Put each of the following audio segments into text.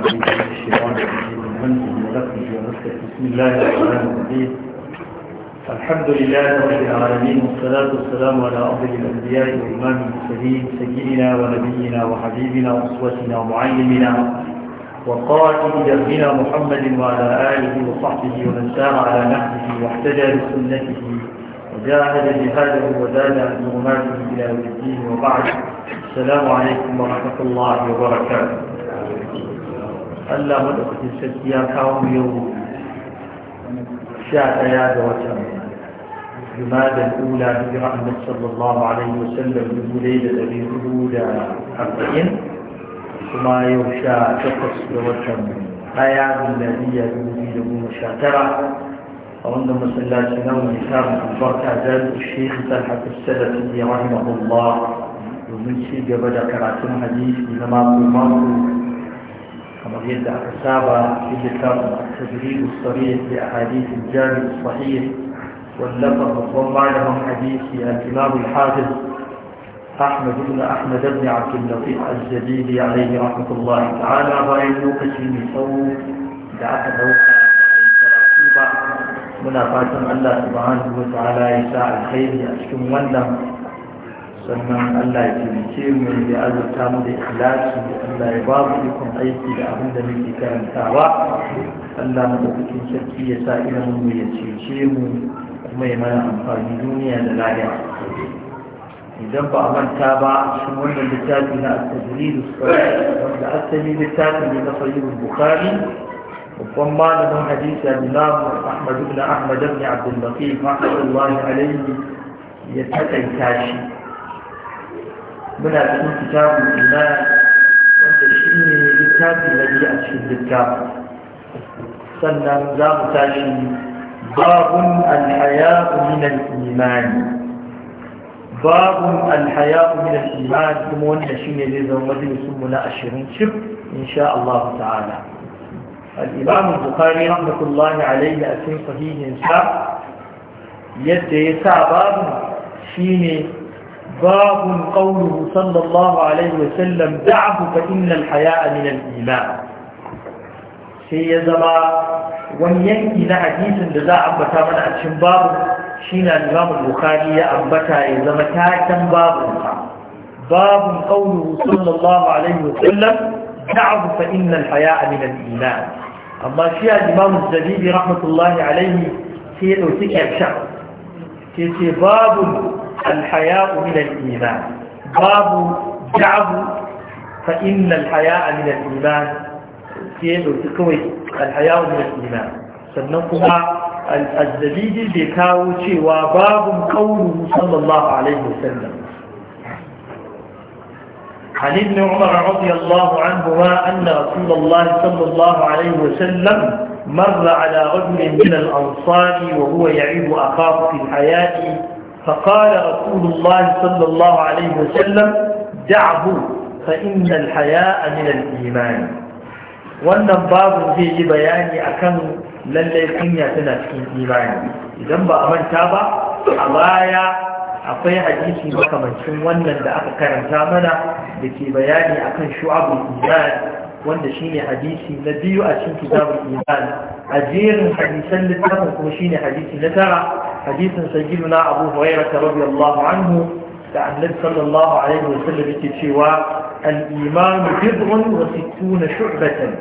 بسم الله الرحمن الرحيم الحمد لله رب العالمين والصلاة والسلام على أفضل الأنبياء وإمام المرسلين سيدنا ونبينا وحبيبنا وأسوتنا ومعلمنا وقائد دربنا محمد وعلى آله وصحبه ومن سار على نهجه واحتجى بسنته وجاهد جهاده وزاد عن إلى الدين وبعد السلام عليكم ورحمة الله وبركاته Allah madaukakin sarki ya kawo mu yau sha ɗaya ga watan jumadan ula hijira annabi sallallahu alaihi wa sallam dubu ɗaya da ɗari hudu da arba'in kuma yau sha takwas ga watan ɗaya miladiya dubu biyu da goma sha tara a wanda masallaci na wani samun albarka da shekh talhat salafi rahimahullah domin ci gaba da karatun hadisi na mako mako كما يدعى السابع في كتاب التجريد الصريح لأحاديث الجامع الصحيح واللفظ وضم لهم حديث الإمام الحافظ أحمد بن أحمد بن عبد اللطيف الجليلي عليه رحمة الله تعالى غير لوكس المسوق دعك دوكا muna fatan Allah subhanahu wa ta'ala ya sa alkhairi sannan Allah ya taimake mu ya azurta mu da ikhlasi Allah ya ba mu ikon aiki da abin da muke karantawa Allah mu cikin sarki ya sa irin mu ya cece mu kuma ya mana amfani duniya da lahira idan ba a manta ba cikin wannan littafi na at-tajrid wanda asali littafi ne na sahih bukhari babban malamin hadisi al-imam Ahmad ibn Ahmad ibn Abdul Laqif rahmatullahi ya takaita shi muna cikin kitabun iman wanda shi ne littafi na biyu a cikin littafi sannan za mu tashi babun alhaya'u min al imani. babun alhaya'u min al kuma wanda shi ne zai zama majalisun mu na ashirin cif insha Allah ta'ala al-imam al-bukhari rahmatullahi alayhi a cikin sahihin yadda ya sa babu shine باب قوله صلى الله عليه وسلم دعه فإن الحياء من الإيمان سي زما ونينكي لحديث لذا أبتا من أتشن باب شين الإمام البخاري أبتا يزما تاكا باب باب قوله صلى الله عليه وسلم دعه فإن الحياء من الإيمان أما شيء الإمام الزبيبي رحمة الله عليه سيئة وسكة بشعر سيئة باب الحياء من الإيمان باب جعب فإن الحياء من الإيمان سيدو تقوي الحياء من الإيمان سنقوم الزبيدي بكاو وباب قوله صلى الله عليه وسلم عن ابن عمر رضي الله عنهما أن رسول الله صلى الله عليه وسلم مر على رجل من الأنصار وهو يعيب أخاه في الحياة فقال رسول الله صلى الله عليه وسلم دعه فإن الحياء من الإيمان wannan babu zai yi bayani akan lallai kunya tana cikin imani idan ba a manta ba a baya akwai hadisi makamancin wannan da aka karanta mana da ke bayani akan shu'abul iman wanda shine hadisi na biyu a cikin kitabun iman a jerin hadisan littafin kuma shine hadisi na tara hadisin sayyiduna abu hurairah radiyallahu anhu da annabi sallallahu alaihi wasallam yake cewa al-iman bid'un wa sittuna shu'batan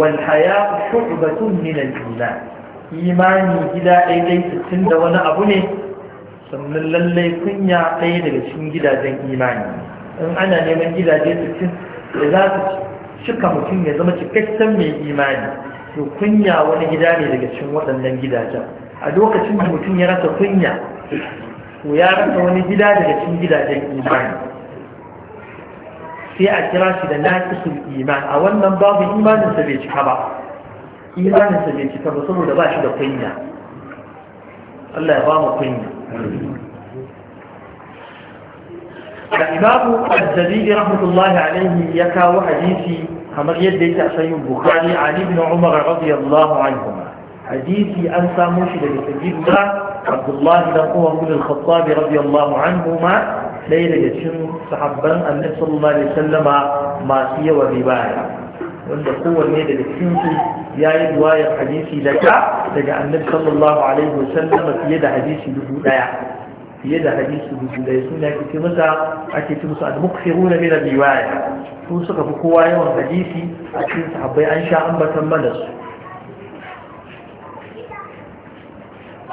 wal haya shu'batun min al-iman imani gida ɗaya dai sittin da wani abu ne sannan lallai kunya ɗaya daga cikin gidajen imani in ana neman gidaje sittin da za su cika mutum ya zama cikakken mai imani to kunya wani gida ne daga cikin waɗannan gidajen a lokacin da mutum ya rasa kunya to ya rasa wani gida daga cikin gidajen imani sai a kira shi da naqisul iman a wannan babu imaninsa bai cika ba imaninsa bai cika ba saboda ba shi da kunya Allah ya ba mu kunya الإمام الزبيدي رحمة الله عليه يكاو حديثي كما يديك أسيد البخاري عن ابن عمر رضي الله عنهما حديثي أن ساموش لجسجيب ما عبد الله إذا هو أقول الخطاب رضي الله عنه ما ليلة يشن صحبا أن صلى الله عليه وسلم ماسية وبيبايا وأن هو ميدة يشن يا إدواي حديثي لك لك أن صلى الله عليه وسلم في يد حديثي لجولايا في يد حديثي لجولايا سنة كتمزا أكي تمسا المكفرون من البيبايا فوسك فقوايا حديثي أكي صحبا أنشاء أنبتا منسو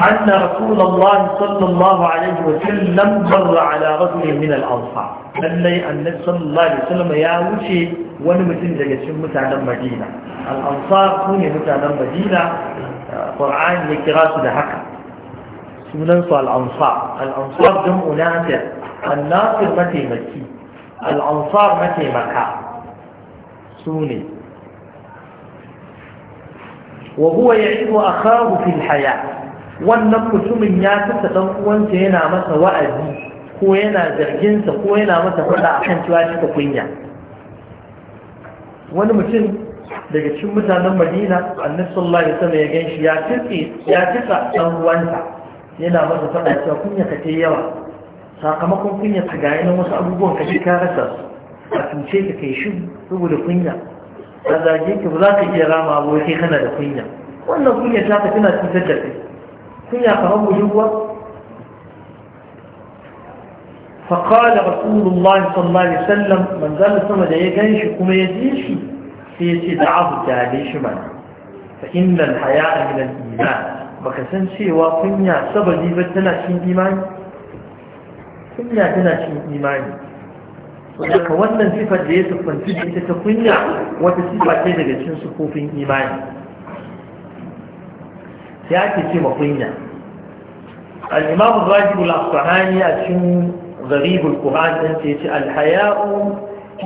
أن رسول الله صلى الله عليه وسلم مر على رجل من الأنصار للي أن صلى الله عليه وسلم يا وشي ونمتن لجسم متعنا مدينة الأنصار كوني متعنا مدينة آه، قرآن لكراس دهكا سننسى الأنصار الأنصار جمع ناصر الناصر متي مكي الأنصار متي مكة سوني وهو يعيد أخاه في الحياة wannan mutumin ya kasa ɗan uwanta yana masa wa'azi ko yana zarginsa ko yana masa faɗa a kan cewa cika kunya wani mutum daga cikin mutanen madina annabi sallallahu alaihi wasallam ya gan shi, ya tsitsa ɗan uwanta yana masa faɗa cewa kunya ka ta yawa sakamakon kunya ka gaya na wasu abubuwan ka ka rasa su a cuce ka kai shi saboda kunya a zage ka ba za ka iya rama abokai, kana da kunya wannan kunya ta ka tana cutar da kai kunya kamar budurwa فقال رسول الله صلى الله عليه وسلم من ذا سما ده يغنشي كما يجيشي سيتي دعه تعليش من فإن الحياء من الإيمان بكسن سيوا كنيا سبدي بتنا شين إيمان كنيا تنا شين إيمان ولك wannan sifar da ya tuffanci da ita ta kunya wata sifa ce daga cikin sufofin imani ya ake ce makunya al-imam a cikin gharib al-quran ce ce al-haya'u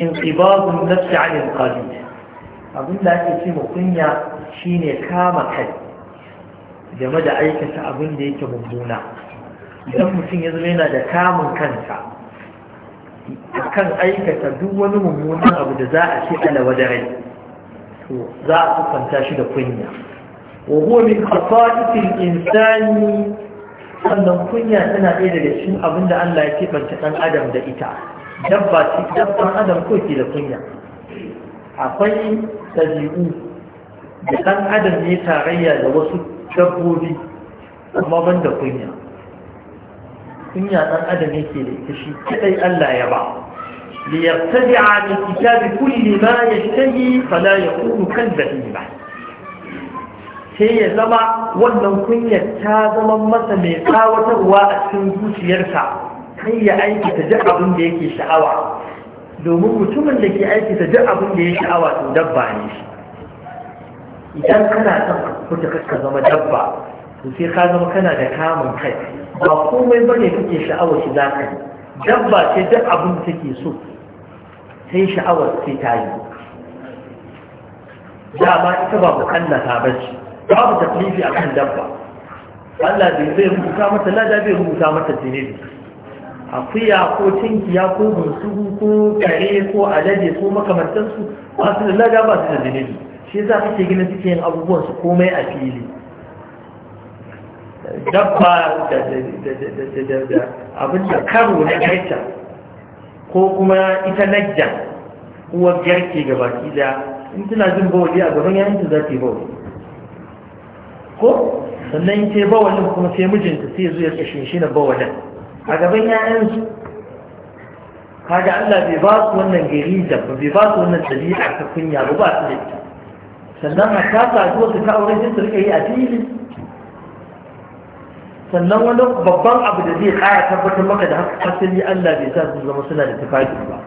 inqibadu an-nafs 'an al-qalil abin da ake ce shine kama kai game da aikata abin da yake mummuna idan mutum ya zama yana da kamun kansa kan aikata duk wani mummunan abu da za a ce alawa da rai to za a kwanta shi da kunya وهو من خصائص الإنسان sannan kunya tana ɗaya daga cikin abin da Allah ya keɓanta ɗan adam da ita dabba ce dabban adam ko ke da kunya akwai ɗabi'u da ɗan adam ne tarayya da wasu dabbobi amma ban da kunya kunya ɗan adam yake da ita shi kaɗai Allah ya ba liyartabi'a min kitabi kulli ma yashtahi fala yakunu kan ba. sai ya zama wannan kunyar ta zama masa mai tsawatarwa a cikin zuciyarsa kai ya aikata duk abin da yake sha'awa domin mutumin da ke aikata duk abin da ya sha'awa to dabba ne shi idan kana son kuta kaska zama dabba to sai ka zama kana da kamun kai ba komai ba ne kake sha'awar shi za ka yi dabba sai duk abin da take so sai sha'awar sai ta yi dama ita ba mu mukallafa ba ce babu taklifi a kan dabba Allah bai zai rubuta mata lada bai rubuta mata a akuya ko cinkiya ko bunsuru ko kare ko alade ko makamantansu ba su da lada ba su da zinubi shi za kake gina suke yin abubuwan su komai a fili dabba da abin karo na kaita ko kuma ita najja uwar yarki gabaki da in tana jin bawali a gaban yayinta za ta yi bawali ko sannan ke bawalin kuma sai mijinta sai zuwa kashe shi na bawalin a gaban yayansu kaga Allah bai ba su wannan gari da bai ba su wannan dalila ta kunya ba ba su da ita sannan a ta saduwa su ta aure sai su rika yi a fili sannan wani babban abu da zai kara tabbatar maka da haka asali Allah bai sa su zama suna da tufafi ba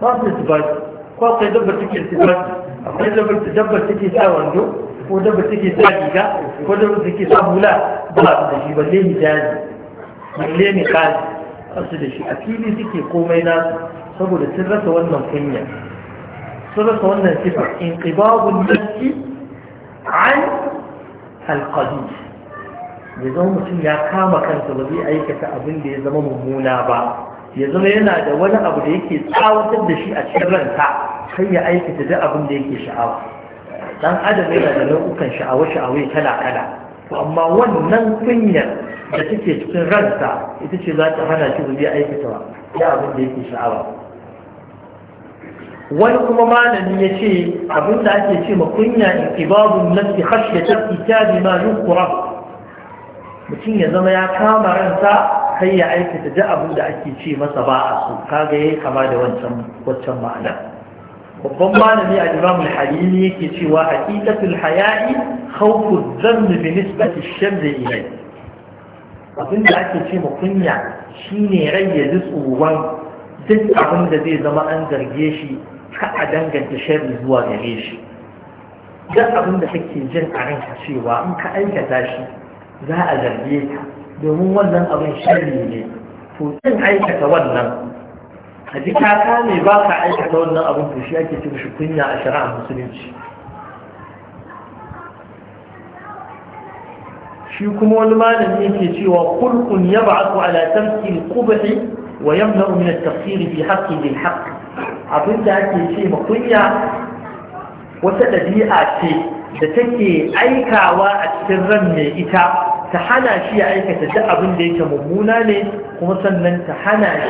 ba su da tufafi ko akwai dabbar take da tufafi akwai dabbar take sa wando ko da ba take sa riga ko da ba take sa hula ba su da shi balle hijabi balle ne kai ba su da shi a fili suke komai na saboda sun rasa wannan kunya sun rasa wannan sifar inqibabun nafsi an alqadi ya zama mutum ya kama kansa ba zai aikata abin da ya zama mummuna ba ya zama yana da wani abu da yake tsawatar da shi a cikin ranta kai ya aikata duk abin da yake sha'awa dan adam yana da nau'ukan sha'awa-sha'awai kala-kala to amma wannan kunya da take cikin ransa ita ce za ta hana shi zai aikata wa ya abin da yake sha'awa wani kuma malami ya ce abin da ake ce ma kunya ikibabun nafsi khashyatar itabi ma yukura mutum ya zama ya kama ransa kai ya aikata da abin da ake ce masa ba a so kaga yayi kama da wancan wancan ma'ana babban malami a imam al-halili yake cewa haqiqatul haya'i khawfu dhann bi nisbati ash-shams abin da ake ce ma kunya shine rai ya ji tsoron duk abin da zai zama an zarge shi ka a danganta sharri zuwa gare shi duk abin da kake jin a ranka cewa in ka aikata shi za a zarge ka domin wannan abin sharri ne to zan aikata wannan ka ji ka kame ba ka aikata wannan abin to shi ake cin shi kunya a shari'ar musulunci shi kuma wani malami yake cewa kulkun ya aku ala tarki al wa yamna'u min at-tafsir fi bil abin da ake ce ma kunya wata ɗabi'a ce da take aikawa a cikin ran mai ita ta hana shi ya aikata duk abin da yake mummuna ne kuma sannan ta hana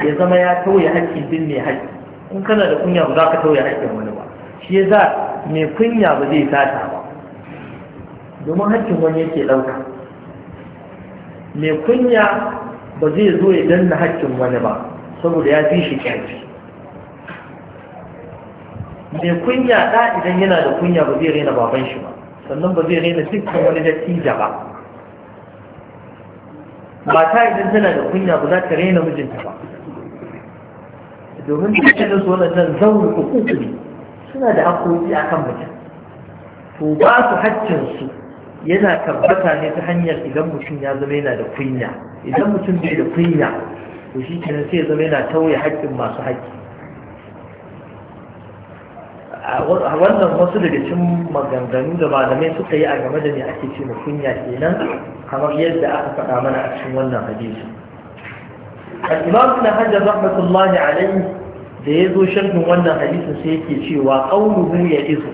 shi ya zama ya tauye haƙƙin din mai haƙƙi in kana da kunya ba za ka tauye haƙƙin wani ba shi ya za mai kunya ba zai sata ba domin haƙƙin wani yake ɗauka mai kunya ba zai zo ya danna haƙƙin wani ba saboda ya fi shi ƙarfi mai kunya ɗa idan yana da kunya ba zai raina baban shi ba sannan ba zai raina dukkan wani dattijo ba mata idan tana da kunya ba za ta raina mijinta ba domin dukkanin su waɗannan zaurin hukuku ne suna da akoki a kan mutum to ba su haccinsu yana tabbata ne ta hanyar idan mutum ya zama yana da kunya idan mutum bai da kunya to shi kenan sai ya zama yana tauye haƙƙin masu haƙƙi wannan wasu daga cikin maganganu da malamai suka yi a game da ni ake ce mu kunya kenan kamar yadda aka faɗa mana a cikin wannan hadisi al-imam ibn hajar rahmatullahi alayhi da ya zo sharhin wannan hadisin sai yake cewa qauluhu ya izu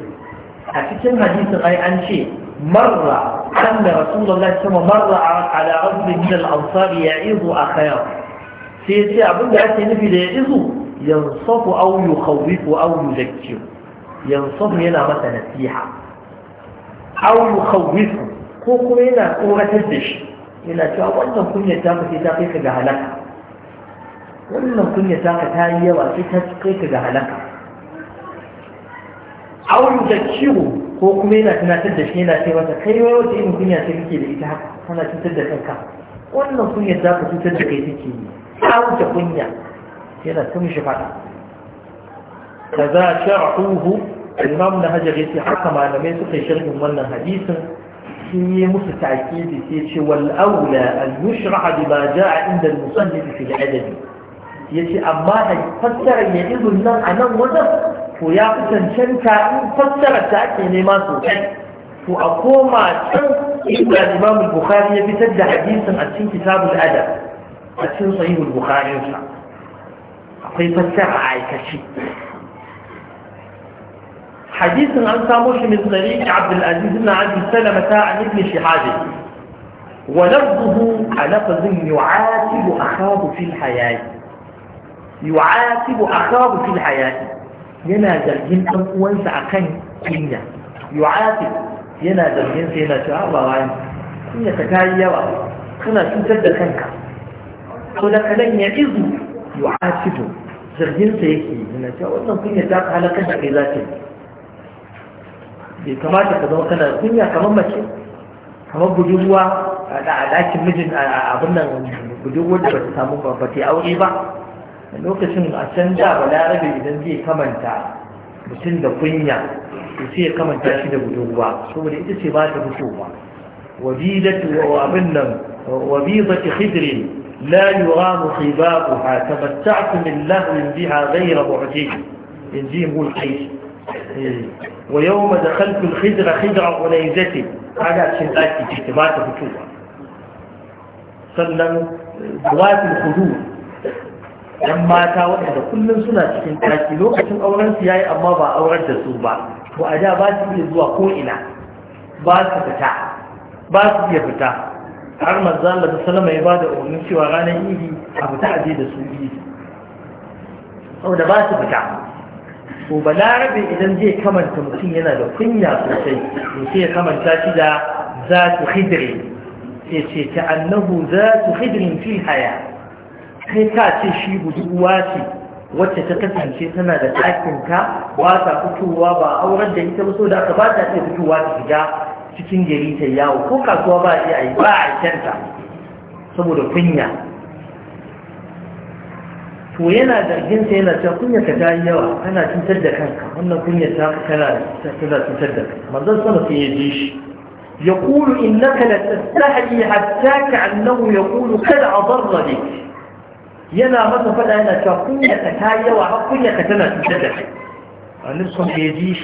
a cikin hadisin ai an ce marra anna rasulullahi sama marra ala rajulin min al-ansar ya'izu akhayahu sai ya abin da ake nufi da ya izu yansafu aw yukhawifu aw yuzakkiru yansahu yana masa nasiha aw yukhawifu ko kuma yana tsoratar da shi yana cewa wannan kunyar ta sai ta kai ka ga halaka wannan kunyar ta ta yi yawa sai ta kai ka ga halaka aw yuzakkiru ko kuma yana tunatar da shi yana ce masa kai wai wata irin kunya ce kake da ita haka kana cutar da kanka wannan kunya za ka cutar da kai take yi ta wuce kunya yana ta mishi faɗa كذا شرحوه الإمام نهجر يتي حكم على ما يسقي شرح من حديث في مس التعكيد يتي والأولى أن يشرح بما جاء عند المصنف في العدد يتي أما فسر يجد لنا أنا وزن ويا فتن شنكا إن فسر التعكي لما سوكي وأقوم أتن إن الإمام البخاري يبتد حديثا أتن كتاب الأدب أتن صحيح البخاري أقول فسر عايكشي حديث عن ساموش من طريق عبد العزيز بن عبد السلام تاع ابن شهاده ولفظه على لفظ يعاتب أخاه في الحياة يعاتب أخاه في الحياة ينادى جنسا وانسع كن كنيا يعاتب ينازل جنسا ينا شاء الله وعين كنيا تكاية وعين كنا سنتد كنك ولك لن يعز يعاتب زرجين سيكي ينا شاء الله كنيا تاقها لقد قلاتي bai kamata ka zama kana kunya kamar mace kamar budurwa a ɗakin mijin abin nan budurwar da ba ta samu ba ta aure ba lokacin a can da balarabe idan zai kamanta mutum da kunya to sai ya kamanta shi da budurwa saboda ita ce ba ta fitowa wabidatu wa abin nan wabidatu khidrin la yuramu khibaquha tamatta'tu min lahwin biha ghayra mu'jib in ji mulkai eh. wa yau ma da kalfin khidra khidra organizati ana cin ɗaki ba ta bata fitowa sannan wafin hudu yan mata waɗanda kullum suna cikin ɗaki lokacin auren su yayi amma ba auren da su ba to a da ba su iya zuwa ko ina ba su fita ba su iya fita har manzo Allah sallama ya bada umarnin cewa ranar idi a fita aje da su idi saboda ba su fita to balarabe idan zai kamanta mutum yana da kunya sosai to sai ya kamanta shi da za su hidiri sai ce ta annahu za su hidirin fi haya kai ka ce shi buduwa ce wacce ta kasance tana da ɗakinta ba ta fitowa ba auren da ita so da aka ba ta iya fitowa ta shiga cikin gari ta yawo ko kasuwa ba a iya yi ba a kyanta saboda kunya to yana da jinsa yana cewa kunya ka ta yi yawa kana cutar da kanka wannan kunya ta kana tana cutar da kanka manzon sama sai ya ji shi يقول إنك لتستحي حتى كأنه يقول كل yawa har kunya ka tana cutar da kai وعقل sun تتدح نفسهم shi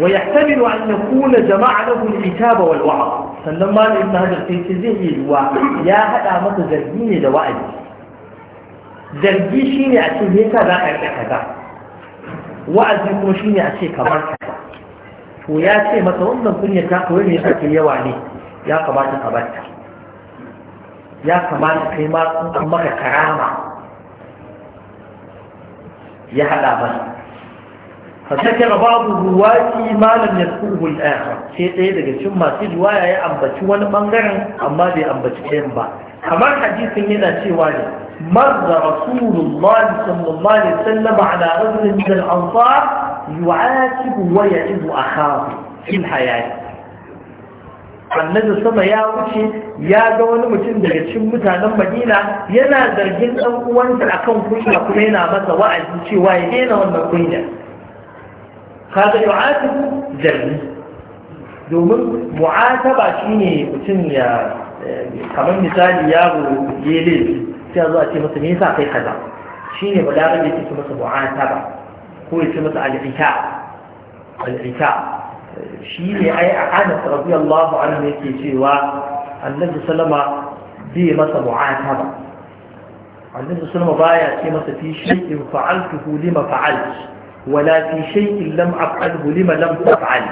ويحتمل أن يكون جمع له الكتاب والوعظ sannan malam ibn hajar sai ce zai iya yiwa ya haɗa masa zargi ne da wa'azi zargi shi ne a ce me ka za ka yi kaza wa'azi kuma shi ne a ce kamar kaza to ya ce masa wannan kunyar ta kawai ne take yawa ne ya kamata ka barta ya kamata kai ma an maka karama ya haɗa masa فذكر بعض الرواة ما لم يذكره الآخر شيء تهدك ثم تجوايا أمبت وان بانجر أما دي أمبت كيمبا أما الحديث هنا تيوانا مر رسول الله صلى الله عليه وسلم على رجل من الأنصار يعاتب ويعز أخاه في الحياة annabi sama ya wuce ya ga wani mutum daga cikin mutanen Madina yana zargin dan uwansa akan kunya kuma yana masa wa'azi cewa yana wannan kaga yu'atibu jarri domin mu'ataba shine mutum ya eh, kamar misali yaro ya laifi sai a zo a ce masa me yasa kai kaza shine balarabe ya ce masa mu'ataba ko ya ce masa al'ita al'ita shi ne ai a anas radiyallahu anhu yake cewa annabi sallama bai masa mu'ataba annabi sallama baya ce masa fi shay'in fa'altuhu lima fa'altu wala fi shay'in lam af'alhu lima lam taf'al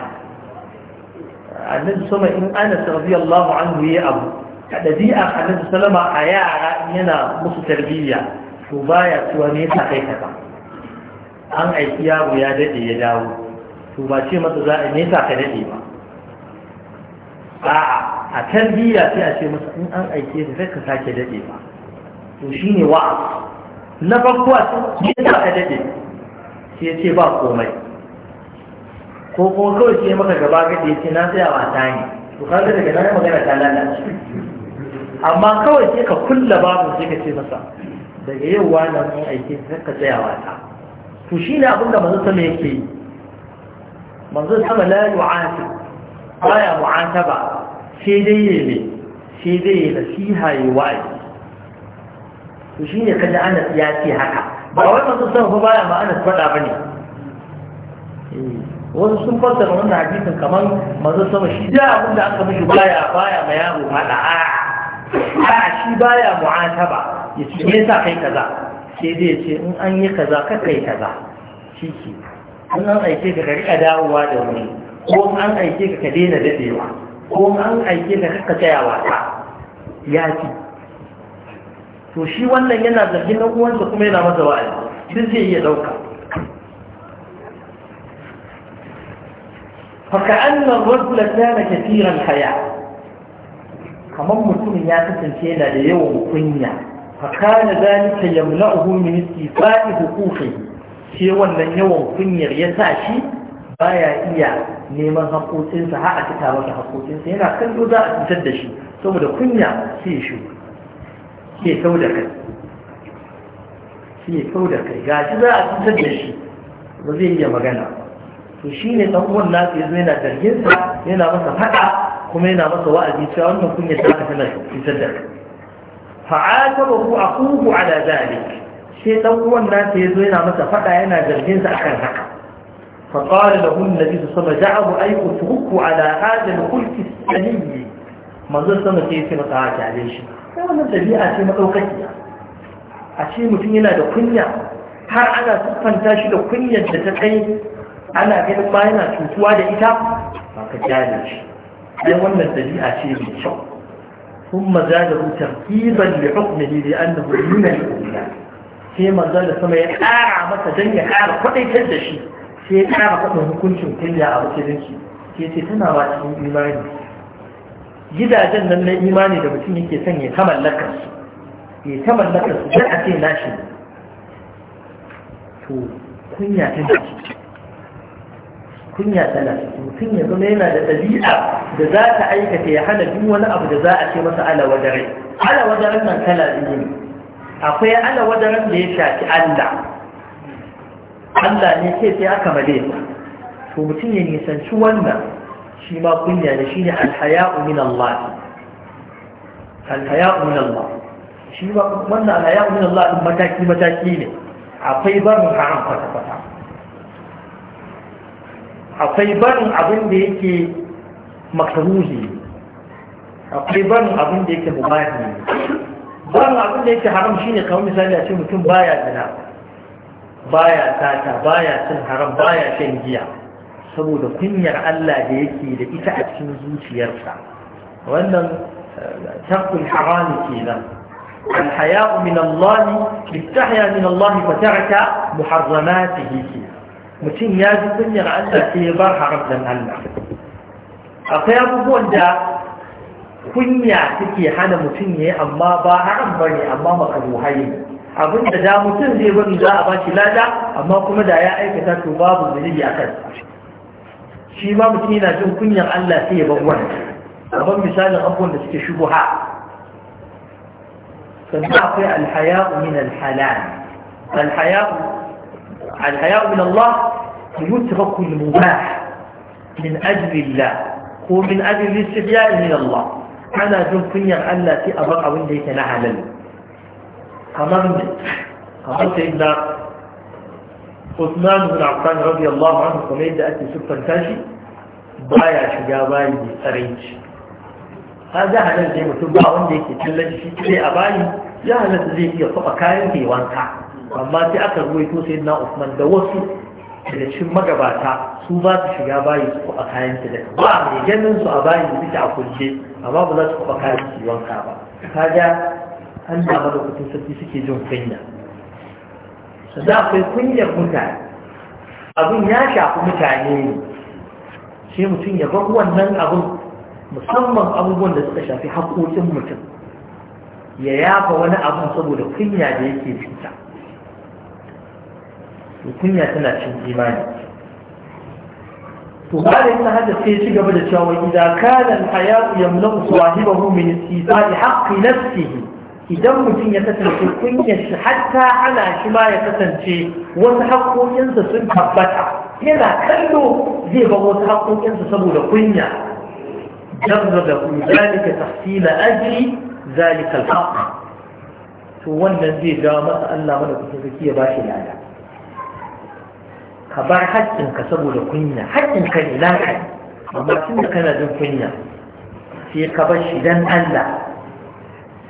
annabi sama in ana radiyallahu anhu yayi abu dabi'a annabi sallama a yara yana musu tarbiyya to baya cewa me yasa kai kaza an aiki yaro ya dade ya dawo to ce za a me ka dade ba a'a a tarbiyya sai a ce masa in an aike ka sai ka sake dade ba to shine wa'az na farko a ce ka dade sai ya ce ba komai ko kuma kawai sai maka gaba gadi ya ce na tsaya ta ne to kaga daga nan magana ta lalace amma kawai sai ka kulla babu sai ka ce masa daga yau wani mun aike ka tsaya ta to shi ne abinda manzo sama yake yi manzo sama la yu'ati baya ba sai dai ya ne sai dai ya nasiha yayi wa'azi to shi ne kaji Anas ya ce haka ba wai masu san fa baya ma ana faɗa ba ne eh, wasu sun fassara wannan hadisin kamar masu sama shi da abin da aka mishi baya baya ma yaro faɗa a a shi baya ba ya ce me yasa kai kaza sai dai ce in an yi kaza ka kai kaza shi ke in an aike ka ka riƙa dawowa da wuri ko in an aike ka ka daina dadewa ko in an aike ka ka tsaya wasa. ya ce to shi wannan yana zargin na uwansa kuma yana masa wa'azi, duk zai iya dauka fa ka'annar rajula kana katiran haya kamar mutum ya kasance yana da yawan kunya fa kana zalika yamla'uhu min istifa'i huquqi shi wannan yawan kunyar ya sa shi baya iya neman haƙoƙinsa har a cika masa yana kan za a fitar da shi saboda kunya sai shi shuka ke sau da kai ke sau da kai ga shi za a cutar da shi ba zai iya magana to shi ne ɗan uwan nasu ya yana zarginsa yana masa faɗa kuma yana masa wa'azi cewa wannan kunya ta haka tana cutar da kai Ba ku a kuku a zalik sai ɗan uwan na ya zo yana masa faɗa yana zarginsa akan haka فقال له النبي صلى الله عليه وسلم دعه أي اتركه على هذا الخلق السليم ما sama sai ya ce عليه haka shi sai wannan ɗabi'a ce maɗaukakiya a ce mutum yana da kunya har ana siffanta shi da kunyar da ta kai ana ganin ma yana cutuwa da ita ba ka kyale shi wannan ɗabi'a ce mai kyau ثم زاده تركيبا لحكمه لأنه من الأولى sai manzon da sama ya ƙara masa don ya ƙara kwaɗaitar da shi sai ya ƙara faɗin hukuncin kunya a musulunci sai ce tana ba cikin imani gidajen nan na imani da mutum yake son ya ta mallakar su ya ta mallakar su don a ce nashi to kunya ta nashi kunya tana mutum ya zama yana da ɗabi'a da za ta aikata ya hana duk wani abu da za a ce masa ala wadare ala wadare nan kala biyu ne akwai ala wadare da ya shafi Allah Allah ne sai sai aka male to mutum ya nisanci wannan shi ma kunya ne shine alhaya'u min Allah alhaya'u min Allah shi ma wannan alhaya'u min Allah din mataki mataki ne akwai barin haram kwata kwata akwai barin abin da yake makaruhi akwai barin abin da yake mubahi barin abin da yake haram shine kamar misali a ce mutum baya zina baya tata baya cin haram baya shan giya saboda kunyar Allah da yake da ita a cikin zuciyarsa wannan tarkul harami kenan الحياء من الله استحيا من الله فترك محرماته mutum ya ji kunyar Allah sai ya bar haramtan Allah akwai abubuwan da kunya take hana mutum ya yi amma ba haram ba ne amma makaruhai ne abinda da mutum zai bari za a ba shi lada amma kuma da ya aikata to babu zunubi a kansa shi ma mutum yana jin kunyar Allah sai ya bar wannan abin misalin abubuwan da suke shubuha sannan akwai alhaya'u min alhalal alhaya'u alhaya'u min Allah yutraku almubah min ajli Allah ko min ajli istihya'i min Allah ana jin kunyar Allah sai a bar abin da yake na halal kamar kamar sai Usman ibn Affan radiyallahu anhu kuma yadda ake siffanta shi baya shiga bayi mai tsaraici har za a nan mutum ba wanda yake kallon shi sai a bayi ya halatta zai iya kwaɓa kayan bai wanka amma sai aka ruwaito sai na Usman da wasu daga magabata su ba su shiga bayi su kwaɓa kayan ta daga ba mai ganin su a bayi da suke a kulce amma ba za su kwaɓa kayan su wanka ba kaga an da malokacin sarki suke jin kunya ku yi kunyar mutane abin ya shafi mutane ne sai mutum ya bar wannan abin musamman abubuwan da suka shafi haƙoƙin mutum ya yafa wani abin saboda kunya da yake cuta kunya tana cin imani to da ta hada sai ci gaba da cewa idan kana al-hayatu yamlaku sahibahu min istita'i haqqi nafsihi idan mutum ya kasance kunyarsa hatta ana shi ma ya kasance wasu haƙoƙinsa sun tabbata yana kallo zai ba wasu haƙoƙinsa saboda kunya jarra da ku zalika tafsila aji zalika alhaq to wannan zai jawo masa Allah mana kusa zaki ya ba shi lada ka bar haƙƙinka saboda kunya haƙƙinka ne lafiya amma tun da kana jin kunya sai ka bar shi dan Allah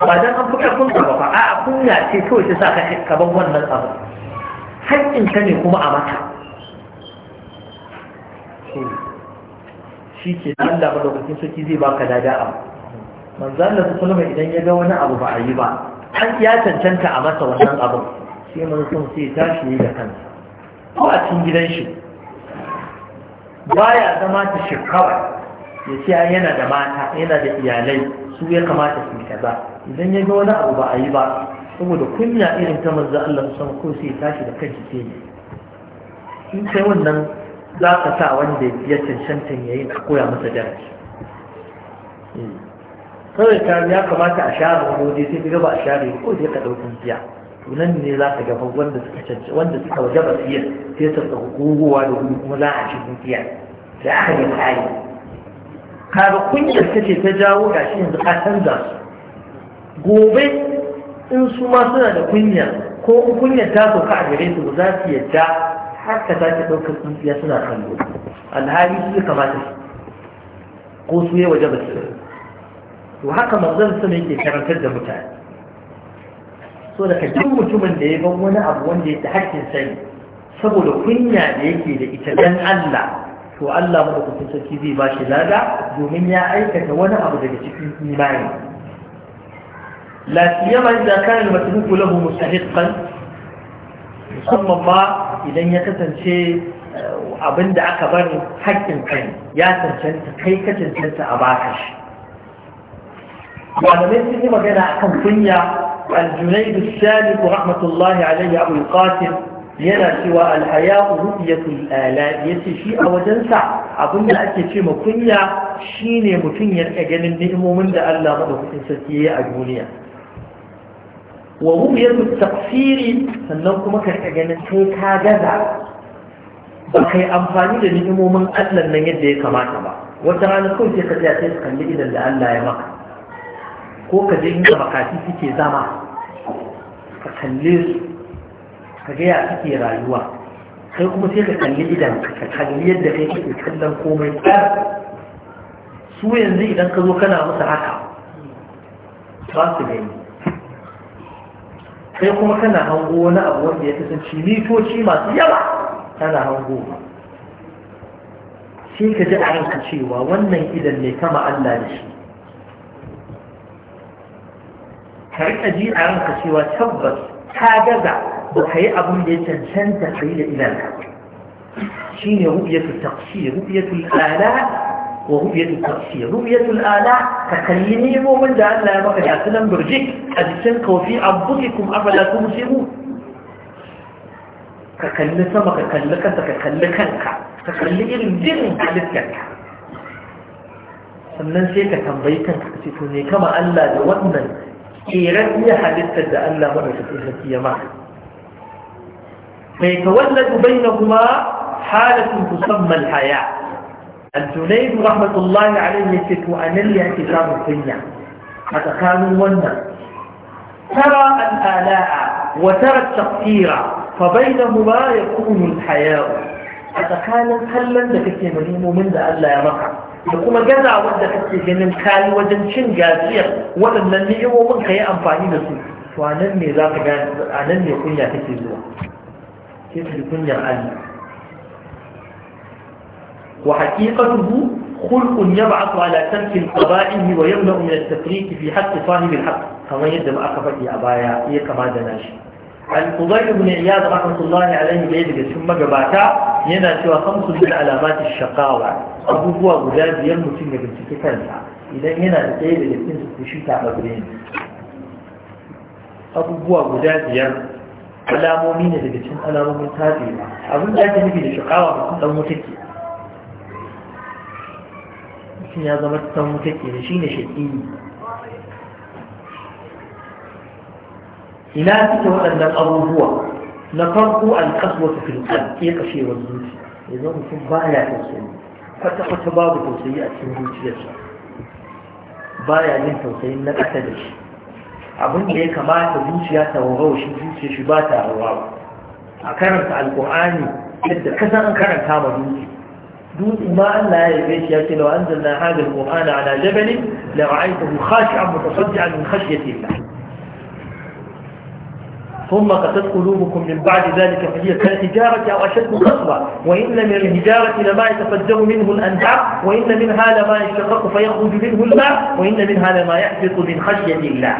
ba dan an fi kun ba fa a kunya ce kawai shi sa ka ban wannan abu haƙƙin ka ne kuma a mata shi ke Allah madaukakin soki zai baka dada a manzo Allah sallallahu alaihi idan ya ga wani abu ba a yi ba an ya cancanta a masa wannan abu sai manzo sai tashi yi da kansa ko a cikin gidan shi baya zama ta shekara ya ce yana da mata yana da iyalai su ya kamata su kaza idan ya ga wani abu ba a yi ba saboda kunya irin ta manzo Allah sama ko sai tashi da kan ke ne in kai wannan za ka sa wanda ya cancanta ya yi a koya masa darasi hmm. kawai ka ya kamata a share wani waje sai ga ba a share ko sai ka ɗauki biya to nan ne za ka gaba wanda suka cancanta wanda suka waje ba siyar sai ta gogowa da kuma za a shigo biya Sai aka yi tsari kaga kunyar ta ce ta jawo gashi yanzu ka canza su gobe in su ma suna da kunya ko in kunya ta sauka a gare su za su yadda har ka sake ɗaukar tsintsiya suna kallo alhali su ya kamata ko su ya waje ba su to haka manzon sama yake karantar da mutane so da duk mutumin da ya ban wani abu wanda ya ta hakkin sani saboda kunya da yake da ita dan Allah to Allah madaukakin sarki zai ba shi lada domin ya aikata wani abu daga cikin imani لا سيما إذا كان المتروك له مستحقا musamman ba idan ya kasance abin da aka bar haƙƙin kai ya cancanta kai ka cancanta a baka shi malamai sun yi magana a kan kunya aljunai da shani ku rahmatullahi alayhi abu qasim yana cewa alhaya rubiyatul ala yace shi a wajensa abin da ake ce ma kunya shine mutum ya ganin ni'imomin da Allah madaukakin sarki ya yi a duniya wa ru'yatu taqsiri sannan kuma ka ganin kai ka gaza ba kai amfani da ni'imomin Allah nan yadda ya kamata ba wata rana kawai sai ka tsaya sai ka kalli idan da Allah ya maka ko ka je inda bakati suke zama ka kalli su ka ga ya suke rayuwa kai kuma sai ka kalli idan ka kalli yadda kai kake kallon komai su yanzu idan ka zo kana musu haka ba su gani kai kuma kana hango wani abu wanda ya kasance mitoci masu yawa kana hango sai ka ji a ranka cewa wannan idan ne kama Allah da shi ka riƙa ji a ranka cewa tabbas ta gaza ba ka yi abin da ya cancanta ka yi da idan ka shi ne rubiyatul taqsir rubiyatul ala ورؤية التفسير رؤية الآلاء تكلمي مؤمن ده ألا يبقى يأتنا برجك أجسنك وفي أنفسكم أفلا تبصرون ككل سما ككل كنت ككل كنك ككل إرجل حدثك sannan sai ka tambayi kanka ka ce to ne kama Allah da wannan kiran iya halittar da Allah madaukakin sarki ya maka mai tawalladu bainahuma halatun tusamma al-haya الجنيد رحمة الله عليه يكتب أن كتاب الدنيا أتكانوا ونا ترى الآلاء وترى التقصير فبينهما يكون الحياء أتكان هلا لكتي مريم من ذا ألا رحم لكما جزع ودا كتي جنن خالي وجن شن جازير ولن نمي ومن خي أنفاني نسي وأنا مي ذاك جان أنا مي كنيا الدنيا زوا كيف كنيا وحقيقته خلق يبعث على ترك القبائل ويمنع من التفريق في حق صاحب الحق كما يدم أقفت يا أبايا إيه كما دناش الفضيل بن عياد رحمة الله عليه بيد ثم جباكا ينا سوى خمس من علامات الشقاوة أبو هو غلاب يلمس من بنت كنسا إذا ينا الدليل الاثنين تنسك وشيت أبو هو غلاب يلمس alamomi ne daga cikin alamomin tafi abin da ake nufi da shakawa mutum mutum ya zama san wuta ke da shi ne shaƙi ina suke waɗannan abubuwa na farko alƙaswa su filƙar kashewar zuci ya zama mutum ba ya tausayi kwata-kwata babu tausayi a cikin zuciyarsa ba ya tausayin na ƙasa da shi abin da ya kamata zuciya ta wa shi zuciya shi ba ta rawa a karanta alƙur'ani yadda kasan karanta ma zuciya dutse إيمان لا ya يأتي لو أنزلنا هذا القرآن على جبل لرعيته خاشعا متصدعا من خشية الله ثم قست قلوبكم من بعد ذلك فهي كالحجارة أو أشد قسوة وإن من الهجارة لما يتفجر منه الأنهار وإن منها لما يشقق فيخرج منه الماء وإن منها لما يحفظ من خشية الله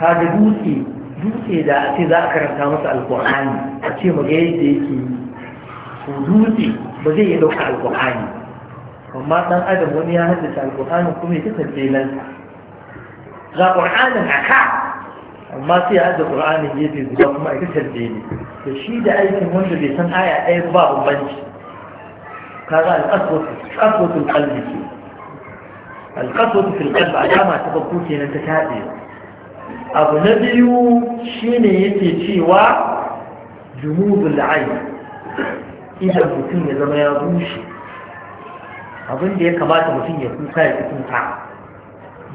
هذا دوسي دوسي إذا أتي ذاكرة كامس القرآن أتي مجيز دوسي ba zai iya ɗauka alƙur'ani amma ɗan adam wani ya haddace alƙur'ani kuma ya ta tabbelan Za ƙur'anin a ka amma sai ya ajiye ƙur'anin fi guda kuma a ta tabbeli da shi da aikin wanda bai san aya ɗaya ba bambanci kaga alƙaswatul ƙalbi ke alƙaswatul ba a dama ta farko kenan ta taɗe abu na biyu shine yake cewa junubul ayn idan mutum ya zama ya rushe abin da ya kamata mutum ya kuka ya kuka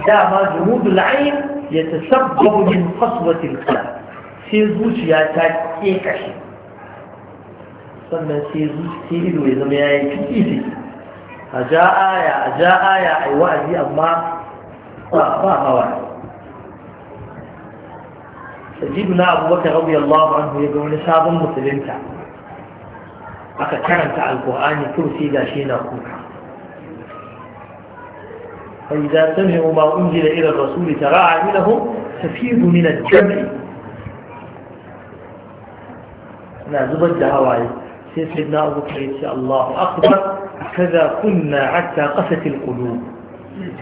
dama jumudul ayn ya tasabbabu min qaswatil qalb sai zuciya ta kekashi sannan sai zuciya ido ya zama ya yi kiki a ja aya a ja aya a yi wa'azi amma ba ba hawa sajiduna abubakar rabiyallahu anhu ya ga wani sabon musulunta aka karanta alkur'ani kursi ga shi na kuka فإذا سمعوا ما أنزل إلى الرسول ترى عينهم تفيض من الدمع أنا زبد هواي سيدنا أبو بكر الله أكبر كذا كنا حتى قست القلوب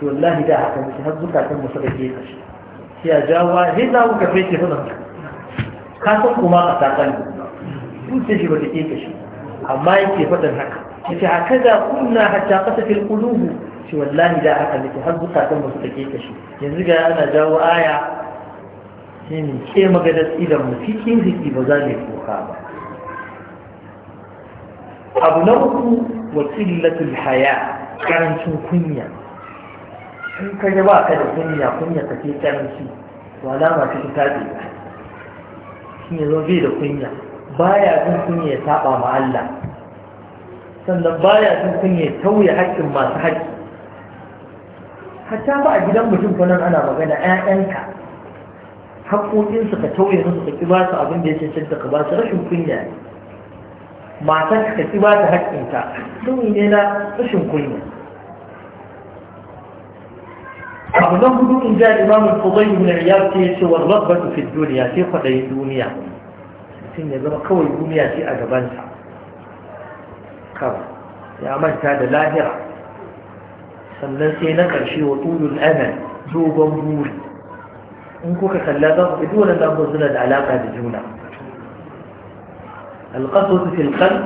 والله دا حتى مش هزك حتى مسبكين يا جاوا هنا وكفيت هنا كاتم كما أتاقل كنت تجيب لكيك شيء amma yake faɗin haka yace haka da kunna hatta qasatil qulub shi wallahi da haka nake har zukatan ba su take kashi yanzu ga ana jawo aya sai mu ke maganar idan mu jiki ba za ne kuka ba abu na uku wa qillatul haya karancin kunya in ka ba ka da kunya kunya ka ce karanci Wala alama ta ta tabi shi ne zo bai da kunya baya sun kunya ya saba ma Allah sannan baya sun kunya ya tauye haƙƙin masu haƙƙi hatta ba a gidan mutum fa nan ana magana 'ya'yanka, haƙoƙinsu ka tauye musu ka kiba su abin da ya da ka ba su rashin kunya ne matar ka ba su haƙƙinta sun ne na rashin kunya abu na hudu in ja imamun fudai ibn ce ya ce wa rabbatu fi duniya sai kwaɗayin duniya mutum ya zama kawai duniya ce a gabansa kawai ya manta da lahira sannan sai na ƙarshe wa tulul amal dogon buri in kuka kalla za ku ga dole za ku suna da alaƙa da juna القصد في القلب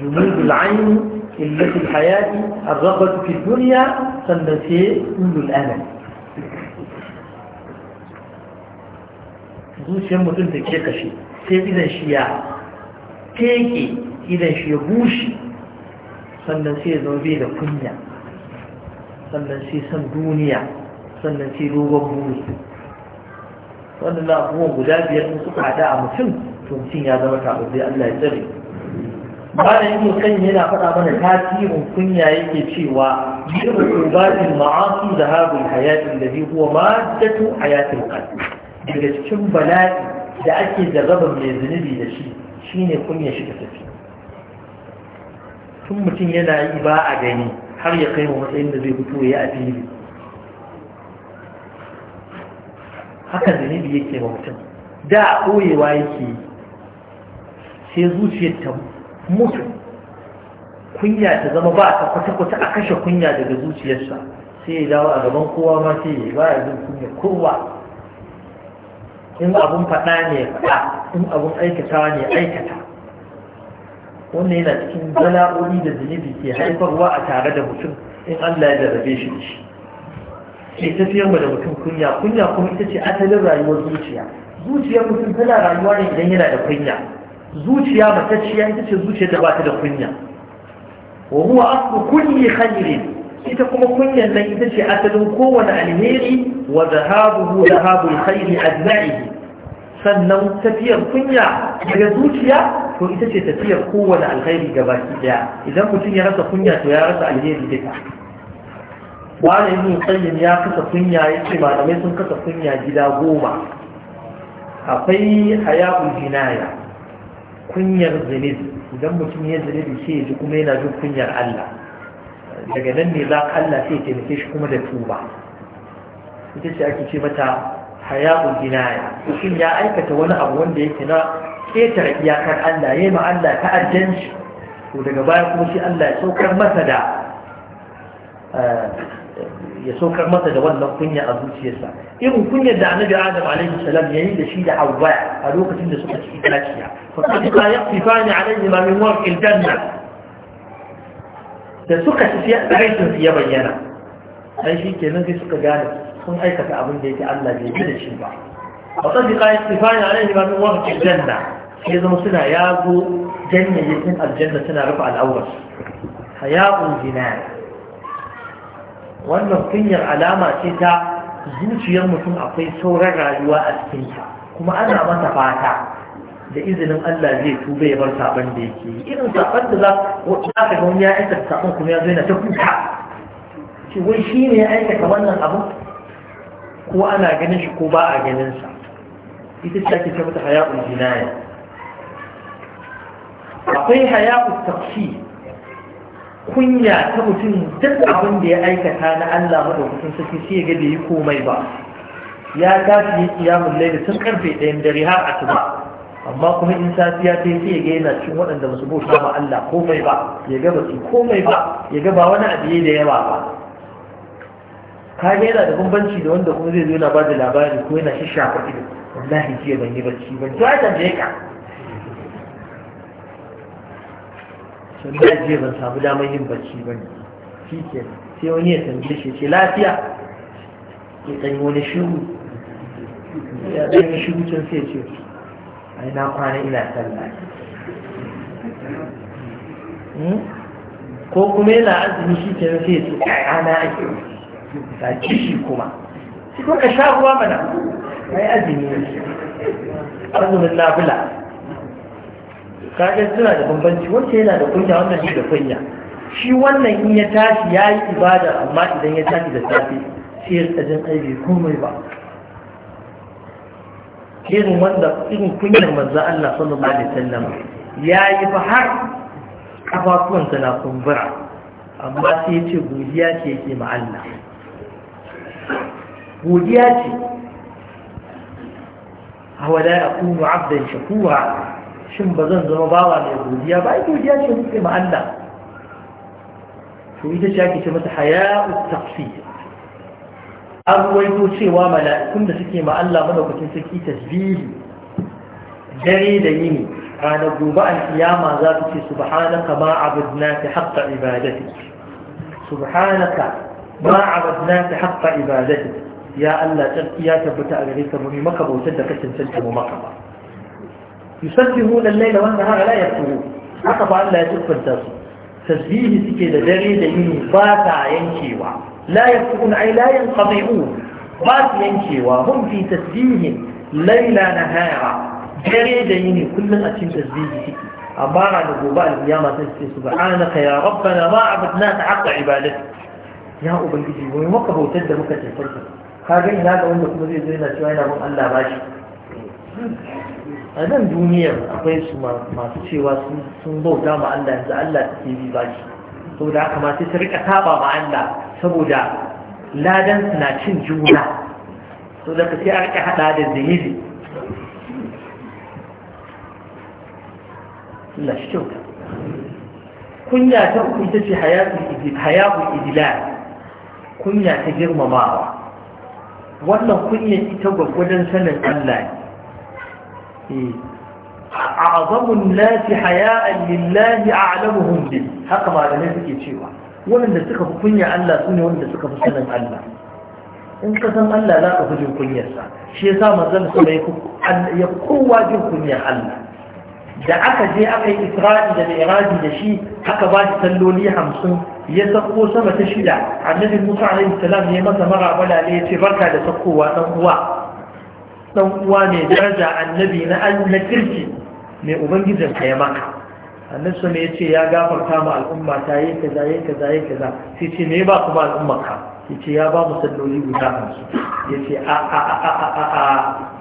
جنود العين قلة الحياة الرغبة في الدنيا sai كل الأمل zuciyar mutum da ke kashe sai idan shi ya teke idan shi ya bushe sannan sai ya zama da kunya sannan sai san duniya sannan sai dogon buri wannan abubuwan guda biyar sun suka hada a mutum to mutum ya zama tabbatai Allah ya tsare bayan yin mutum yana faɗa mana tasirin kunya yake cewa yin rubatin ma'asu da habul hayatin da zai huwa maddatu hayatin qalbi daga cikin bala'i da ake jarrabar mai zunubi da shi shi ne kunya shi ka tafi tun mutum yana yi ba a gani har ya kai wa matsayin da zai fito ya a fili haka zunubi yake ma mutum da a ɓoyewa yake sai zuciyar ta mutu kunya ta zama ba a kwata-kwata a kashe kunya daga zuciyarsa sai ya dawo a gaban kowa ma sai ya ba a jin kunya kowa in abun faɗa ne faɗa in abun aikatawa ne aikata wannan yana cikin bala'o'i da zunubi ke haifarwa a tare da mutum in Allah ya jarrabe shi da shi ke tafiyar da mutum kunya kunya kuma ita ce asalin rayuwar zuciya zuciyar mutum tana rayuwa ne idan yana da kunya zuciya matacciya ita ce zuciya da ba ta da kunya wa huwa aslu kulli khairin ita kuma kunyan nan ita ce asalin kowane alheri wa zahabuhu zahabul khairi ajma'ihi sannan tafiyar kunya daga zuciya to ita ce tafiyar kowane alkhairi ga baki daya idan mutum ya rasa kunya to ya rasa alheri duka wani ibn qayyim ya kasa kunya yace malamai sun kasa kunya gida goma akwai hayaul jinaya kunyar zunubi idan mutum ya zunubi sai ya ji kuma yana jin kunyar Allah daga nan ne za ka Allah sai ya taimake shi kuma da tuba ita ce ake ce mata haya'ul jinaya mutum ya aikata wani abu wanda yake na fetara iyakar Allah yayi ma Allah ta'addanci to daga baya kuma shi Allah ya saukar masa da eh, ya saukar masa da wannan kunya a zuciyarsa irin kunyar da annabi adam alaihi salam yayi da shi da hawwa a lokacin da suka ciki kaciya fa qad ka yaqtifani alaihi ma min warqil janna da suka ci sai ya bayyana ai shi kenan sai suka gane sun aikata abin da yake Allah bai yi da shi ba A wa sadiqa istifani alaihi ba min waqti janna sai zama suna yago jannayyakin aljanna suna rufe al'aurar haya'un zinar wannan kunyar alama ce ta zuciyar mutum akwai sauran rayuwa a cikinta kuma ana masa fata da izinin Allah zai tuba ya bar saban da yake irin saban da za ka ga wani ya aikata saban kuma ya zo yana ta kuka shi wai shi ne ya aikata wannan abin ko ana ganin shi ko ba a ganin sa ita ce ake ce mata haya'ul jinaya akwai haya'ul tafsi kunya ta mutum duk abin da ya aikata na Allah madaukakin sarki sai ya ga bai yi komai ba ya tashi ya kiyamun da tun karfe ɗayan dare har asuba amma kuma in safiya ta sai ga yana cin waɗanda ba su bauta ma Allah komai ba ya ga ba su komai ba ya ga ba wani abu da yawa ba kage yana da bambanci da wanda kuma zai zo yana bada labari ko yana shishafa ido wallahi jiya ban yi bacci ban to ai tambaye ka sun da jiya ban samu damar yin bacci ba ne shi ke sai wani ya tambaye shi ce lafiya ya ɗan wani shiru ya ɗan yi shiru can sai ce ai na kwana ina sallah hmm? ko kuma yana azumi shi ke sai ce ai ana ake ta kishi kuma shi kuma ka sha ruwa mana ai azumi ne azumin nafila kaga suna da bambanci wacce yana da kunya wannan shi da kunya shi wannan in ya tashi ya yi ibada amma idan ya tashi da safe sai ya tsajin aiki komai ba irin wanda irin kunyar manzo Allah sallallahu alaihi wasallam ya yi fa har kafafuwansa na kumbura amma sai ya ce godiya ce yake ma Allah godiya ce a wada a kunu abdan shakura shin ba zan zama bawa mai godiya ba yi godiya ce muke ma Allah to ita ce ake ce mata haya'u tafsir an cewa mala'ikun da suke ma Allah madaukakin sarki tasbihi dare da yini ranar gobe alkiyama za su ce subhanaka ma abudnaka haqqa ibadatik subhanaka ma ibadatik ya Allah tsarki ya tabbata a gare ka mu maka bautar da ka cancanta mu maka ba yusabbihuna al-layla wan nahara la yafturun haka ba Allah ya tuffanta su tasbihi suke da dare da yini ba ta yankewa la yafturun ay la yanqati'un ba su yankewa hum fi tasbihi layla nahara dare da yini kullun a cikin tasbihi suke amma da gobe al-qiyama sai su subhanaka ya rabbana ma abadna ta haqqa ibadati ya ubangiji mu maka bautar da muka cancanta ka ga ina ga wanda kuma zai zo yana cewa yana bin Allah ba shi? a nan duniyar akwai su masu cewa sun bauta ma Allah yanzu Allah ta bi ba shi. saboda haka ma sai su rika saba ma Allah saboda ladan na cin juna saboda ka sai a rika hada da zahiri. Allah shi kyauta kunya ta uku ita ce hayaku idilal kunya ta girmamawa wannan kunya ita gwagwadon sanin Allah ne eh, a azamun nasi haya'an lillahi a alamuhun bi haka malamai suke cewa waɗanda suka fi kunya Allah su ne waɗanda suka fi sanin Allah in ka san Allah za ka fi jin kunyarsa shi ya sa manzon su ne ya kowa jin kunyar Allah da aka je aka yi isra'i da mi'raji da shi aka ba shi salloli hamsin ya sako sama ta shida annabi musa alaihi salam ya masa mara marabala ne ya ce barka da sakowa dan uwa dan uwa mai daraja annabi na na kirki mai ubangijin ka ya maka annabi sama ya ce ya gafarta ma al'umma ta yi kaza yi kaza yi kaza sai ce me ya ba kuma al'umma ka ya ce ya ba mu salloli guda hamsin ya ce a a a a a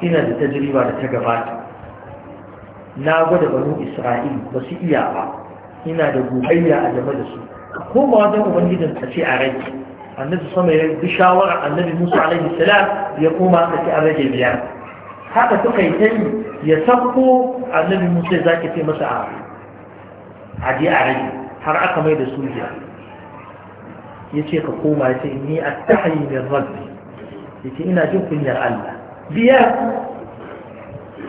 ina da tajriba da ta gabata na gwada banu isra'il ba su iya ba ina da gogayya a game da su ko ba wajen ubangijin ka ce a rage annabi sama ya bi shawara annabi musa alaihi salam ya koma aka ce a rage biyar haka suka yi ta yi ya sako annabi musa ya zaki ce masa a aje a rai har aka mai da su biya ya ce ka koma ya ce ni a tahayi min rabbi ya ce ina jin kunyar allah biyar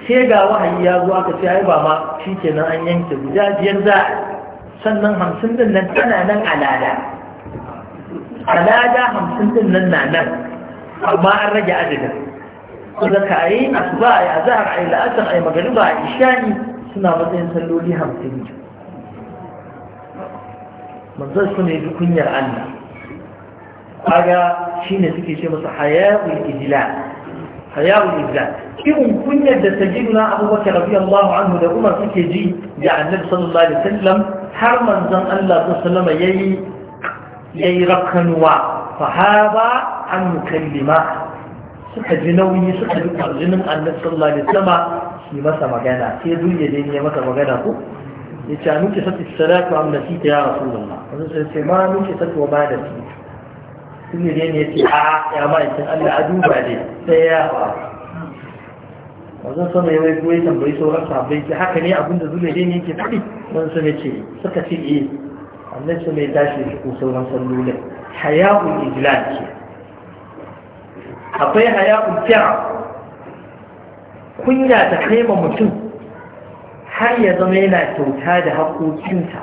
sai ga wahayi ya zuwa aka ce ai ba ma shi kenan an yanke guda biyar za sannan hamsin din nan tana nan alada alada hamsin din nan na nan amma an rage adadin kuma ka yi asuba a zahar a yi la'asar a yi magariba a ishani suna matsayin salloli hamsin ne manzan su ne dukunyar Allah kaga shine suke ce masa haya'ul ijlal hayawun izzat irin kunyar da sayyiduna abubakar radiyallahu anhu da umar suke ji da annabi sallallahu alaihi wasallam har manzon Allah sallallahu alaihi yayi yayi fa fahaba an mukallima suka ji nauyi suka ji kwarjinin annabi sallallahu alaihi wasallam shi masa magana sai duniya dai ne masa magana ko ya ce a nuke sati salatu am nasita ya rasulullah wannan sai ma nuke sati wa ba da su. sirri ne ya ce a ya ma'aikin Allah a duba ne sai ya ba wajen sama ya wai goyi tambayi sauran bai ke haka ne abinda zuwa ne ne ke faɗi wani su ne ce suka ce e eh, annan su ne tashi shi ko sauran sallolin haya'ul ijlan ce akwai haya'ul fi'a kunya ta kai ma mutum har ya zama yana kyauta da haƙoƙinsa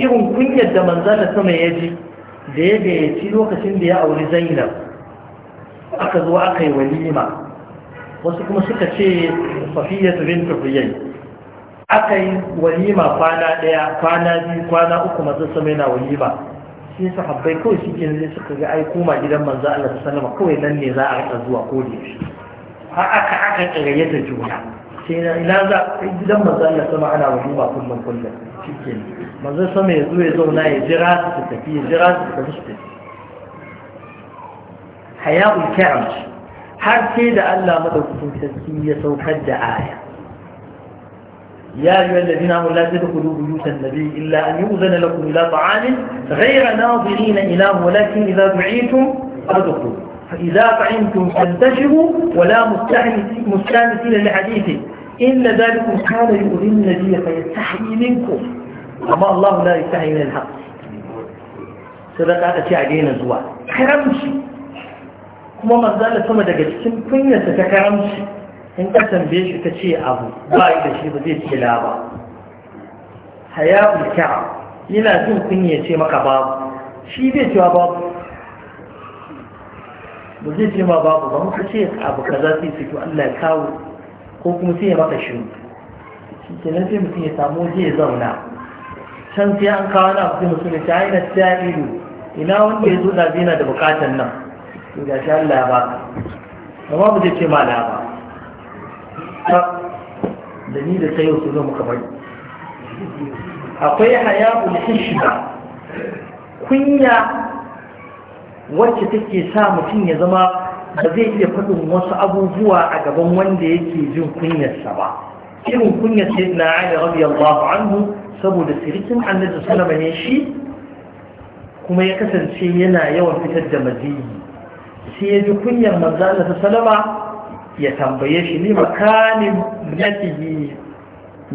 irin kunyar da manzana sama ya ji da ya gayyaci lokacin da ya auri zainab aka zo aka yi walima wasu kuma suka ce safiya bin tufiyai aka yi walima kwana ɗaya kwana biyu kwana uku masu sama yana walima sai sahabbai kawai shi ne suka ga ai koma gidan manzo Allah ta sanama? kawai nan ne za a rika zuwa ko da yaushe har aka aka ƙarayyata juna sai na ina za gidan manzo Allah sama ana walima kullum kullum cikin manzon sama ya zo ya zauna ya يا أيها الذين آمنوا لا تدخلوا بيوت النبي إلا أن يؤذن لكم إلى طعام غير ناظرين إله ولكن إذا دعيتم فادخلوا فإذا طعمتم فانتشروا ولا مستأنسين لحديثه إن ذلك كان يؤذي النبي فيستحي منكم أما الله لا يستحي من الحق صدق هذا شيء علينا زواء كرمشي كما مزال سمى دقل سنفين ستكرمشي إن قسم بيش تشيء أبو باي بشيء بديت كلابا حياة الكعب إلا سنفين يشيء مقباب شيء بيش أبو بديت يما بابا ما هو كشيء أبو كذا سيسي تؤلى كاوي ko kuma sai ya baka shiru shi ke nan sai mutum ya samu waje ya zauna can sai an kawo na mutum mutum ya ce ai na ta ido ina wanda ya zo da zina da bukatan nan to ga shi Allah ya baka amma ba zai ce ma na ba da ni da sai su zo muka bari akwai hayabul hishba kunya wacce take sa mutum ya zama ba zai iya faɗin wasu abubuwa a gaban wanda yake jin kunyarsa ba irin kunyar sai na ali radiyallahu anhu saboda sirikin annabi sallama ne shi kuma ya kasance yana yawan fitar da maziyi sai ya ji kunyar manzo Allah sallama ya tambaye shi ni makanin natihi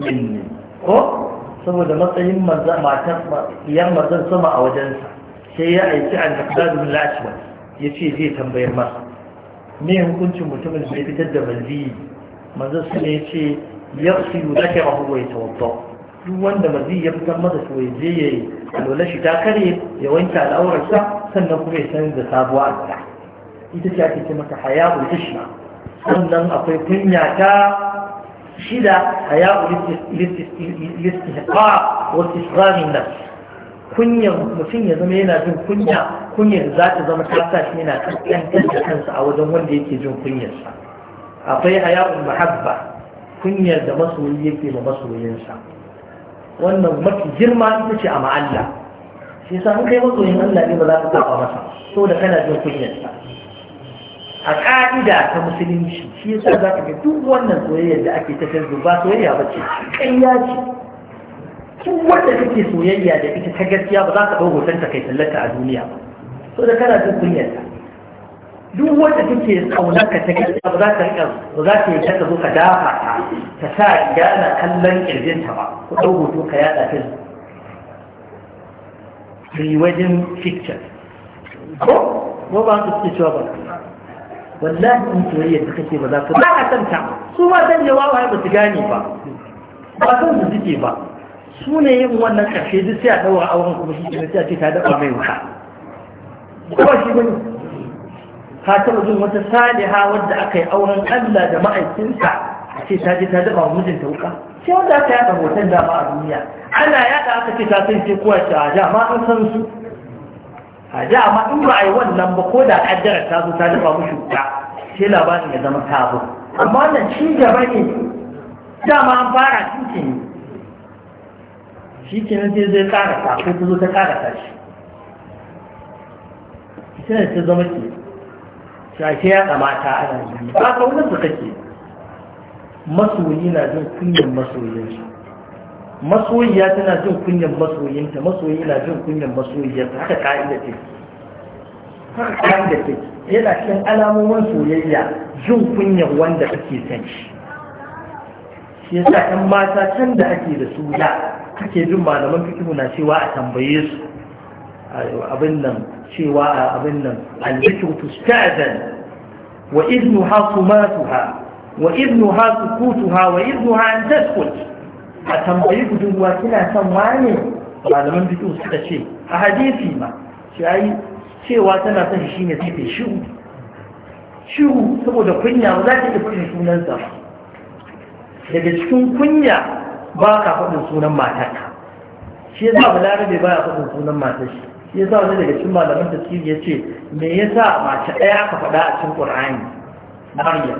minni ko saboda matsayin manzo matan iyar manzon sama a wajensa sai ya aiki an da bin lashwa ya ce zai tambayar masa ne hukuncin mutumin bai fitar da manzi manzo su ne ce yaqsilu dhakarahu wa yatawadda duk wanda mazi ya fitar masa to ya je yayi alola shi ta kare ya wanke al'aurarsa sannan kuma ya sanar da sabuwa alwala ita ce ake ce mata ulis ishma sannan akwai kunya ta shida haya'ul istihqa wa istisghar mutum ya zama yana jin kunya kunyar za ta zama ta sa shi yana kankan da kansa a wajen wanda yake jin kunyarsa akwai haya'un mahabba kunyar da masoyi yake ma masoyinsa wannan mafi girma ita ce a ma'alla shi yasa in kai masoyin Allah ne ba za ka saba masa so da kana jin kunyarsa a ka'ida ta musulunci shi yasa za ka ga duk wannan soyayyar da ake ta facebook ba soyayya ba ce ƙarya ce duk wanda kake soyayya da ita ta gaskiya ba za ka ɗau hoton kai tallata a duniya ba so da kana jin kunyarta duk wanda take kauna ka ta gaske ba za ka riƙa ba za ka yi ta zo ka dafa ta ta sa ya ana kallon kirjinta ba ko ɗau hoto ka yaɗa ta pre-wedding picture ko ko ba ka suke cewa ba wallahi in soyayya ta kace ba za ka ba ka san ta su ma san jawawa ba su gane ba ba san su suke ba su ne yin wannan ƙarshe duk sai a ɗaura auren kuma shi ne sai a ce ta daɓa mai wuta ba shi bane ka taɓa jin wata saliha wadda aka yi auren Allah da ma'aikinsa A ce ta je ta daba mijinta wuka sai wanda aka yaɗa hoton dama a duniya ana yaɗa aka ce ta san ce kowa a ja ma an san su a ja ma in ba a yi wannan ba ko da kaddara ta zo ta daba mushi wuka sai labarin ya zama sabo amma wannan ci gaba ne dama an fara cikin shi kenan sai zai ƙara ta ko ta zo ta ƙara ta shi sai ta zama ke shafi ya kamata ana yi ba ka wani su kake masoyi na jin kunyan masoyinsu masoyiya tana jin kunyan masoyinta masoyi na jin kunyan masoyiyarta haka ka'ida take haka ka'ida take yana cikin alamomin soyayya jin kunyan wanda kake san shi shi yasa ɗan mata can da ake da su da kake jin malaman fikihu na cewa a tambaye su أظنم شواء أظنم البكر تستأذن وإذنها صماتها وإذنها سكوتها وإذنها أن تسكت أتمعيك جنواتنا سمعني قال من بيتو سكت شيء أحاديثي ما شيء شواء تنا تنشيني تيبي شو شو سبو دو كنيا ولا تيبي سونان سا لكي سكون كنيا باقا فقن سونان ما تكا شيء ما بلاربي باقا فقن سونان ما تشي shi yasa wani daga cikin malaman tafsiri ya ce me yasa mace ɗaya aka faɗa a cikin qur'ani, maryam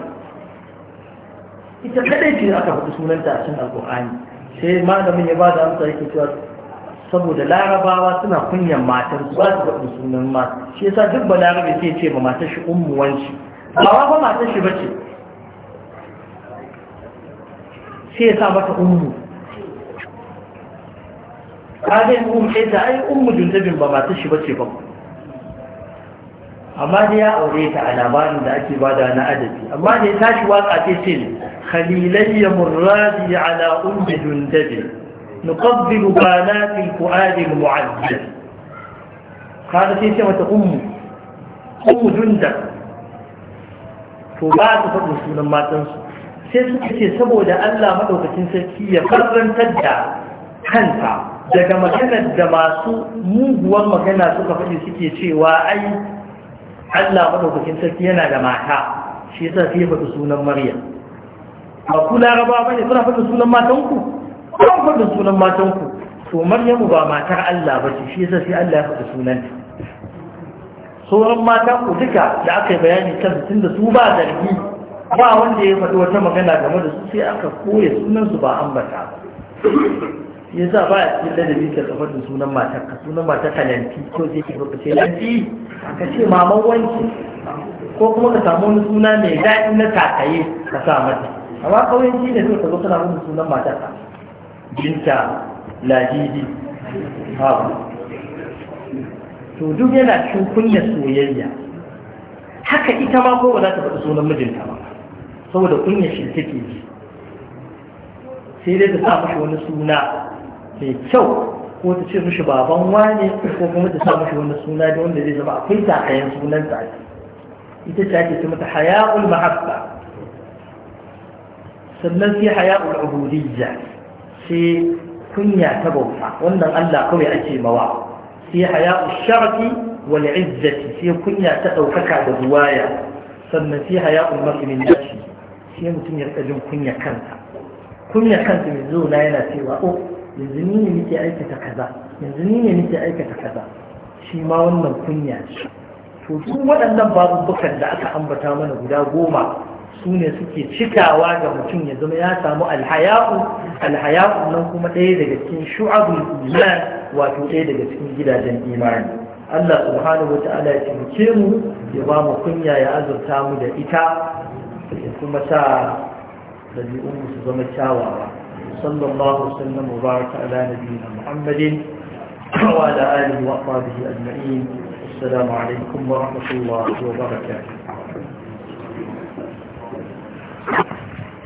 ita kadai ce aka faɗi sunanta a cikin Al-Qur'ani. sai malamin ya ba da amsa yake cewa saboda larabawa suna kunyan matar su ba su faɗi sunan ma shi yasa duk ba larabe sai ce ba matar shi wanci ba ba matar shi bace sai ya sa mata ummu kagen um da ai ummu juntabin ba mata shi bace ba amma dai ya aure ta a labarin da ake bada na adabi amma da ya tashi waka ce ce ne khalilayya murradi ala ummi juntabin nuqabbilu banati alfuadi almu'azzab kada sai mata ummu ummu to ba ta faɗin sunan matansu sai suka ce saboda Allah madaukakin sarki ya karrantar da kanta daga maganar da masu muguwan magana suka faɗi suke cewa ai Allah madaukakin sarki yana da mata shi yasa sai ya faɗi sunan Maryam ba ku laraba bane suna faɗi sunan matanku? Kuma ku faɗi sunan matanku, to Maryamu ba matar Allah ba ce shi yasa sai Allah ya faɗi sunanta sauran mata ku duka da aka yi bayani kan tun da su ba zargi ba wanda ya faɗi wata magana game da su sai aka koya sunansu ba ambata ba ya sa ba a cikin ladabi ka kafar da sunan matar ka sunan matar ka lanti ko sai ki rufe ce lanti ka ce maman wanki ko kuma ka samu wani suna mai daɗi na kakaye ka sa mata amma kawai ji ne sai ka zo kana mutu sunan matar ka jinta ladidi ha to duk yana cikin kunya soyayya haka ita ma ko ba za ta faɗi sunan mijinta ba saboda kunya shi take ji sai dai ta sa mashi wani suna sai kyau ko ta ce mishi baban wani ko kuma ta sa mishi wani suna da wanda zai zama akwai takayen sunan ta ita ce ake ta mata haya'ul mahabba sannan sai haya'ul ubudiyya sai kunya ta bauta wannan Allah kawai ake mawa sai haya'ul sharafi wal izzati sai kunya ta daukaka da ruwaya sannan sai haya'ul mar'imin dashi sai mutum ya rika jin kunya kansa kunya kansa mai zo yana cewa oh yanzu ni ne nake aikata kaza yanzu ni ne nake aikata kaza shi ma wannan kunya ce to duk waɗannan babubukan da aka ambata mana guda goma su ne suke cikawa ga mutum ya zama ya samu alhayaku alhayau nan kuma ɗaya daga cikin shu'abul iman wato ɗaya daga cikin gidajen imani Allah subhanahu wa ta'ala ya taimake mu ya ba mu kunya ya azurta mu da ita ya kuma sa ɗabi'un su zama kyawawa وصلى الله وسلم وبارك على نبينا محمد وعلى آله وأصحابه أجمعين السلام عليكم ورحمة الله وبركاته